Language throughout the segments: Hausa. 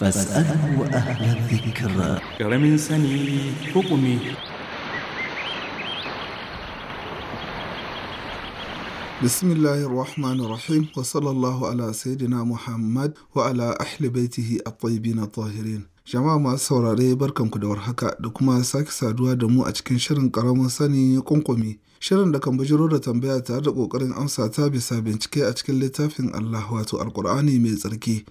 فاسأله أهل الذكر كرم سني حكمي بسم الله الرحمن الرحيم وصلى الله على سيدنا محمد وعلى أهل بيته الطيبين الطاهرين Jama'a masu saurare barkanku da warhaka da kuma sake saduwa da mu a cikin shirin karamin sani kunkwami. Shirin da kan bujiro da tambaya tare da ƙoƙarin amsa ta bisa bincike a cikin littafin Allah wato Alƙur'ani mai tsarki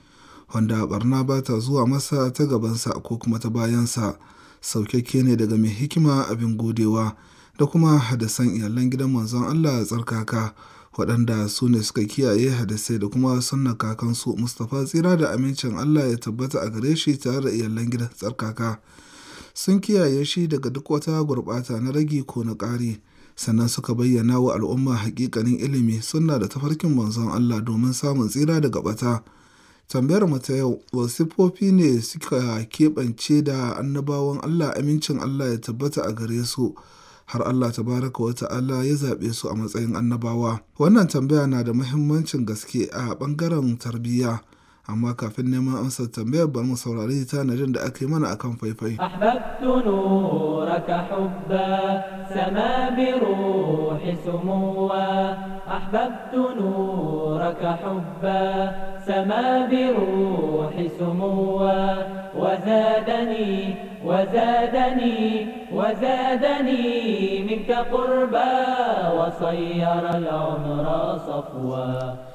wanda barna ba ta zuwa masa ta gabansa ko kuma ta bayansa saukakke ne daga mai hikima abin godewa da kuma hadasan iyalan gidan manzon Allah tsarkaka waɗanda su ne suka kiyaye hadasai da kuma sunna kakansu mustapha tsira da amincin Allah ya tabbata a gare shi tare da iyalan gidan tsarkaka sun kiyaye shi daga duk wata gurɓata na ragi ko na ƙari sannan suka bayyana wa al'umma hakikanin ilimi sunna da tafarkin manzon Allah domin samun tsira daga bata Tambayar mu ta yau, wasu ne suka keɓance da annabawan Allah amincin Allah ya tabbata a gare su har Allah ta baraka wa ta'ala ya zaɓe su a matsayin annabawa. Wannan tambaya na da muhimmancin gaske a ɓangaren tarbiyya. amma kafin neman amsa tambayar bari mu saurari tanadin da aka yi mana akan faifai. Ahbabtu Ahbabtu nuraka hubba سما بروح سموا وزادني وزادني وزادني منك قربا وصير العمر صفوا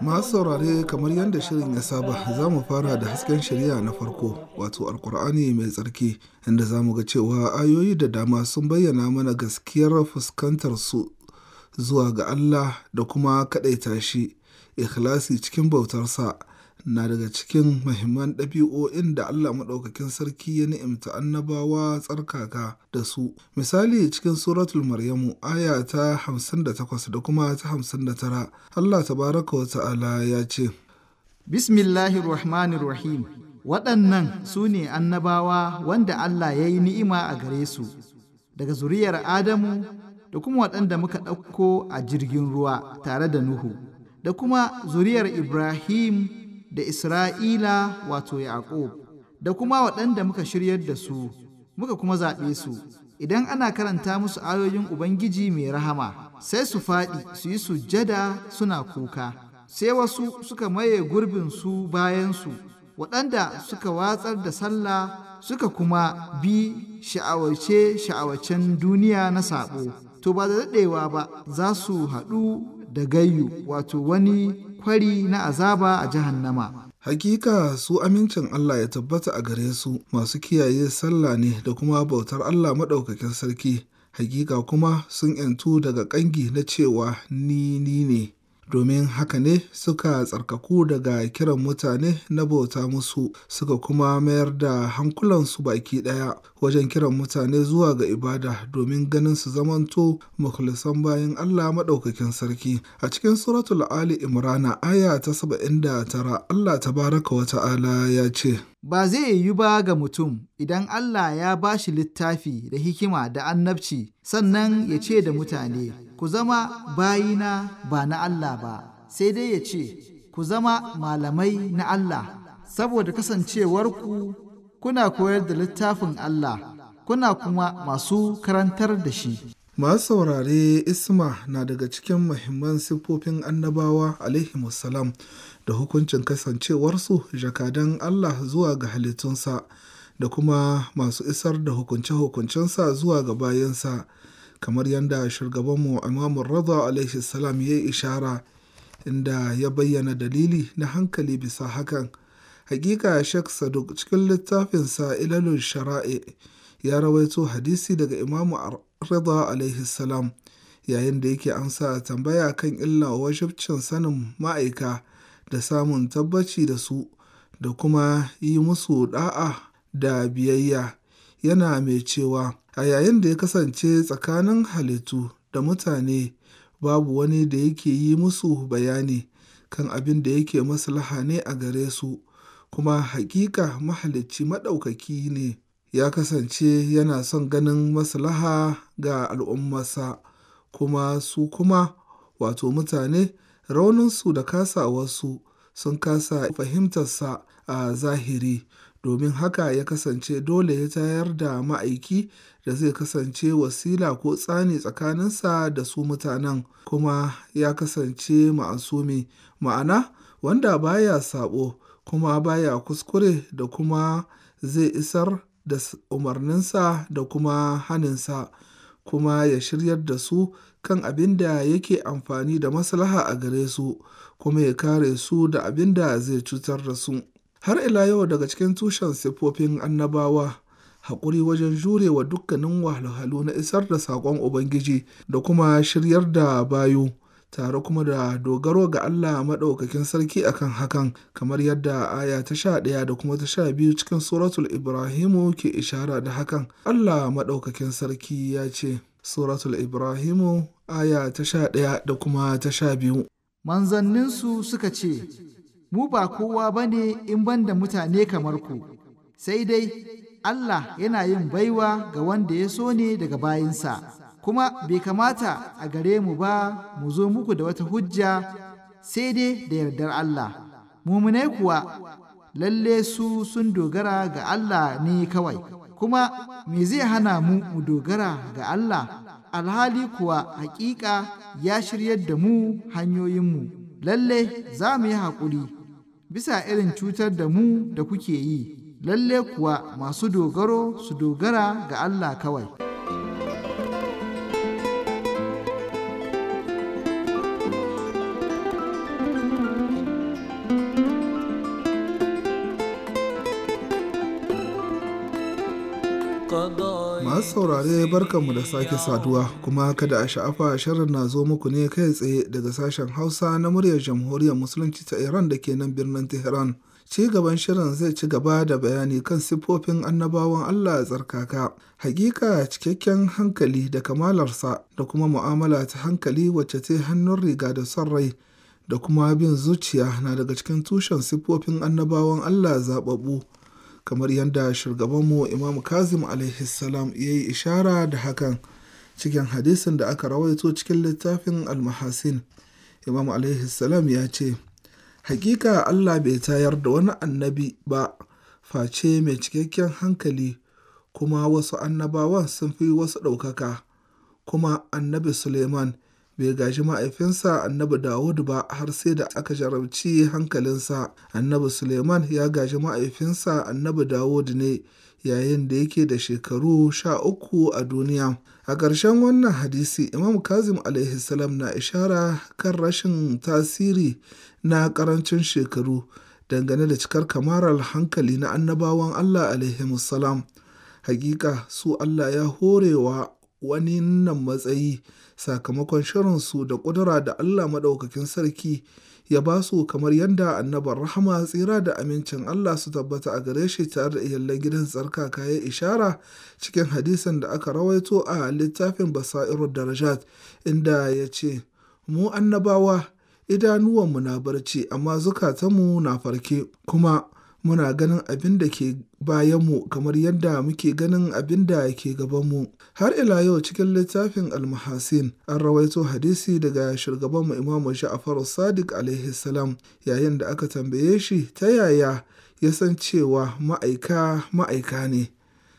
Ma saurare kamar yadda shirin ya saba za mu fara da hasken shari'a na farko wato alkur'ani mai tsarki inda za mu ga cewa ayoyi da dama sun bayyana mana gaskiyar fuskantar su zuwa ga allah da kuma kaɗaita shi ikhlasi cikin bautarsa na daga cikin mahimman ɗabi'o'in da Allah maɗaukakin sarki ya ni'imta annabawa tsarkaka da su. Misali cikin suratul Maryamu aya ta 58 da kuma ta 59 Allah tabaraka wa ta'ala ya ce, Bismillahirrahmanirrahim waɗannan su ne annabawa wanda Allah ya yi ni'ima a gare su daga zuriyar Adamu da kuma waɗanda muka ɗauko a jirgin ruwa tare da Nuhu. da kuma zuriyar Ibrahim da Isra'ila wato Yaƙub, da kuma waɗanda muka shiryar da su, muka kuma zaɓe su, idan ana karanta musu ayoyin Ubangiji mai rahama, sai su faɗi su yi sujjada suna kuka, sai wasu suka maye gurbinsu bayansu, waɗanda suka watsar da sallah suka kuma bi sha'awace sha'awacen duniya na saɓo, to ba da daɗewa ba za su haɗu da gayyu wato wani kwari na azaba a jahannama. Hakika su amincin Allah ya tabbata a gare su masu kiyaye sallah ne da kuma bautar Allah maɗaukakin sarki. Hakika kuma sun ‘yantu daga ƙangi na cewa ni ni ne. domin haka ne suka tsarkaku daga kiran mutane na bauta musu suka kuma mayar da hankulansu baki ɗaya wajen kiran mutane zuwa ga ibada domin ganin su zamanto mukhlisan bayan Allah maɗaukakin sarki a cikin suratul ali imrana aya ta 79 Allah tabaraka wa ta'ala ya ce Ba zai yiwu ba ga mutum idan Allah ya ba shi littafi da hikima da annabci sannan ya ce da mutane, ku zama bayina ba na Allah ba, sai dai ya ce, ku zama malamai na Allah, saboda kasancewarku kuna koyar da littafin Allah, kuna kuma masu karantar da shi. masu saurare isma na daga cikin muhimman siffofin annabawa alaihimussalam da hukuncin kasancewarsu jakadan allah zuwa ga halittunsa da kuma masu isar da hukunce-hukuncensa zuwa ga bayansa kamar yadda shugabanmu imamu rada alaihi salam ya yi ishara inda ya bayyana dalili na hankali bisa hakan hakika Sheikh Saduk cikin littafinsa ilalun shara'i ya rawaito hadisi daga Imamu Rida alaihi salam yayin da yake amsa tambaya kan illa wajibcin sanin ma'aika da samun tabbaci da su da kuma yi musu ɗa'a da biyayya, yana mai cewa, A yayin da ya kasance tsakanin halittu da mutane babu wani da yake yi musu bayani kan abin da yake masu ne a gare su, kuma haƙiƙa Mahalicci Maɗaukaki ne. ya kasance yana son ganin maslaha ga al'ummarsa kuma su kuma wato mutane rauninsu da kasa wasu sun kasa fahimtarsa a zahiri domin haka ya kasance dole ya tayar da ma'aiki da zai kasance wasila ko tsani tsakaninsa da su mutanen kuma ya kasance ma'asumi ma'ana wanda baya sabo kuma baya kuskure da kuma zai isar da umarninsa da kuma haninsa, kuma ya shiryar da su kan abin da yake amfani da maslaha a gare su, kuma ya kare su da abin da zai cutar da su. Har ila yau daga cikin tushen siffofin annabawa, haƙuri wajen jurewa dukkanin wahalhalu na isar da saƙon Ubangiji da kuma shiryar da bayu. tare kuma da dogaro ga Allah maɗaukakin sarki akan hakan kamar yadda aya ta sha ɗaya da kuma ta sha biyu cikin suratul ibrahimu ke ishara da hakan Allah maɗaukakin sarki ya ce suratul ibrahimu aya ta sha ɗaya da kuma ta sha biyu manzanninsu suka ce mu ba kowa ba ne in ban da mutane kamar ku sai dai Allah yana yin baiwa ga wanda ya so ne daga bayinsa kuma bai kamata a gare mu ba mu zo muku da wata hujja sai dai da yardar Allah muminai kuwa lalle su sun dogara ga Allah ne kawai kuma me zai hana mu mu dogara ga Allah alhali kuwa hakika ya shiryar da mu hanyoyinmu lalle za mu yi haƙuri bisa irin cutar da mu da kuke yi lalle kuwa masu dogaro su dogara ga Allah kawai. masu saurare barkanmu da sake saduwa kuma kada a sha'afa shirin na zo muku ne kai tsaye daga sashen hausa na muryar jamhuriyar musulunci ta iran da ke nan birnin tehran ci gaban shirin zai ci gaba da bayani kan siffofin annabawan allah tsarkaka hakika cikakken hankali da kamalarsa da kuma mu'amala ta hankali wacce ta hannun riga da son rai da kuma bin zuciya na daga cikin tushen siffofin annabawan allah zababu. kamar yadda shugabanmu Imam Kazim alaihi salam ya yi ishara da hakan cikin hadisin da aka rawaito cikin littafin almahasin Imam alaihi salam ya ce hakika Allah bai tayar da wani annabi ba face mai cikakken hankali kuma wasu annabawan sun fi wasu ɗaukaka kuma annabi Suleiman bai gashi mahaifinsa annabi Dawud ba har sai da aka jarabci hankalinsa. Annabi Suleiman ya gashi mahaifinsa annabi Dawud ne yayin da yake da shekaru sha uku a duniya. A ƙarshen wannan hadisi Imam Kazim salam na ishara kan rashin tasiri na ƙarancin shekaru dangane da cikar kamarar hankali na annabawan Allah salam. Hakika su Allah ya horewa wani nan matsayi sakamakon shirinsu da ƙudura da Allah Maɗaukakin Sarki ya ba su kamar yadda annabar rahama tsira da amincin Allah su tabbata a gare shi tare da iyalan gidan tsarkaka ya ishara cikin hadisan da aka rawaito a littafin basairu darajat inda ya ce mu annabawa idanuwanmu na barci amma zukatanmu na farke kuma muna ganin abin da ke bayanmu kamar yadda muke ganin abin da ke gabanmu. Har ila yau cikin littafin Almahasin an rawaito hadisi daga shugabanmu Imamu Ja'far Sadiq alaihi yayin da aka tambaye shi ta yaya ya san cewa ma'aika ma'aika ne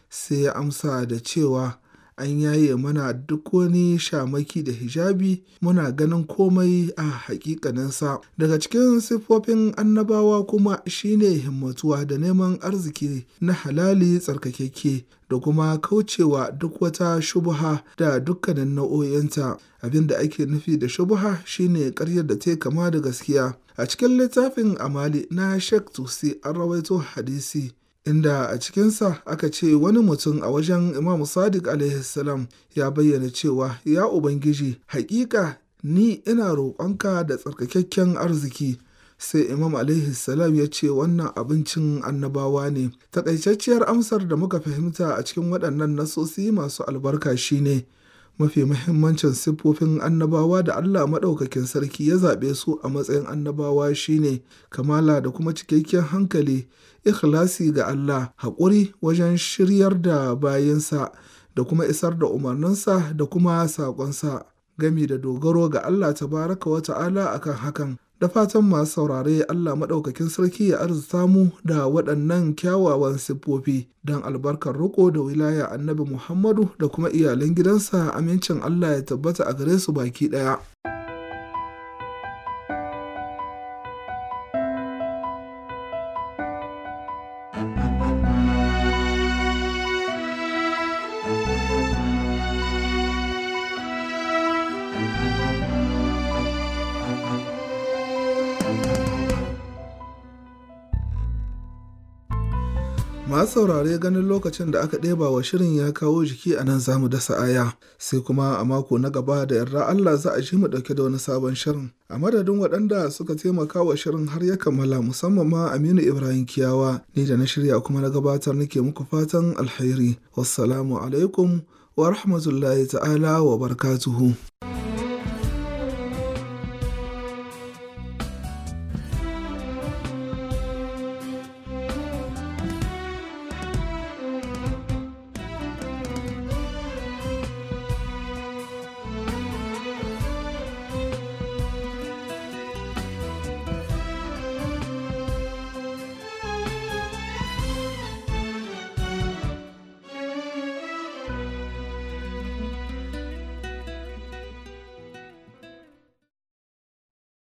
sai ya amsa da cewa an yaye mana duk wani shamaki da hijabi muna ganin komai a hakikaninsa daga cikin siffofin annabawa kuma shine himmatuwa da neman arziki na halali tsarkakeke da kuma kaucewa duk wata shubuha da dukkanin nau'o'inta Abinda ake nufi da shubuha shine karyar da ta kama da gaskiya a cikin littafin amali na shek tusi an rawaito hadisi inda a cikinsa aka ce wani mutum a wajen Imam Sadiq salam ya bayyana cewa, “Ya Ubangiji, haƙiƙa ni ina roƙonka da tsarkakakken arziki. sai imam alaihi ya ce wannan abincin annabawa ne taƙaitacciyar amsar da muka fahimta a cikin waɗannan nasosi masu albarka shine mafi mahimmancin siffofin annabawa da Allah Maɗaukakin Sarki ya zaɓe su a matsayin annabawa shine kamala da kuma cikakken hankali, ikhlasi ga Allah, haƙuri wajen shiryar da bayansa da kuma isar da umarninsa da kuma saƙonsa, gami da dogaro ga Allah tabaraka wa ta'ala akan hakan. da fatan masu saurare Allah maɗaukakin sarki ya arzuta mu da waɗannan kyawawan siffofi don albarkar roƙo da wilaya annabi Muhammadu da kuma iyalan gidansa amincin Allah ya tabbata a gare su baki ɗaya. an saurare ganin lokacin da aka ɗeba wa shirin ya kawo jiki a nan zamu dasa aya, sai kuma a mako na gaba da yarda Allah za a ji mu ɗauke da wani sabon shirin. A madadin waɗanda suka taimaka wa shirin har ya kammala musamman ma Aminu Ibrahim Kiyawa, ni da na shirya kuma na gabatar nake muku fatan alheri. Wassalamu alaikum wa rahmatullahi ta'ala wa barkatuhu.